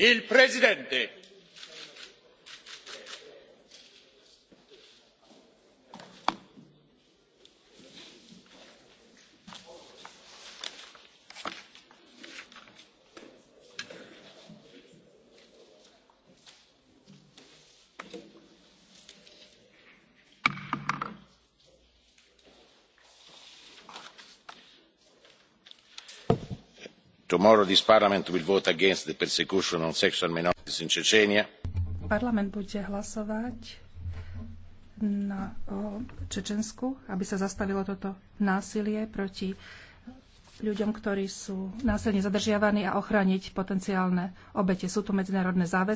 il presidente. tomorrow this parliament will vote against the persecution sexual minorities in Chechnya. Parlament bude hlasovať na o Čečensku, aby sa zastavilo toto násilie proti ľuďom, ktorí sú násilne zadržiavaní a ochrániť potenciálne obete. Sú tu medzinárodné záväzky.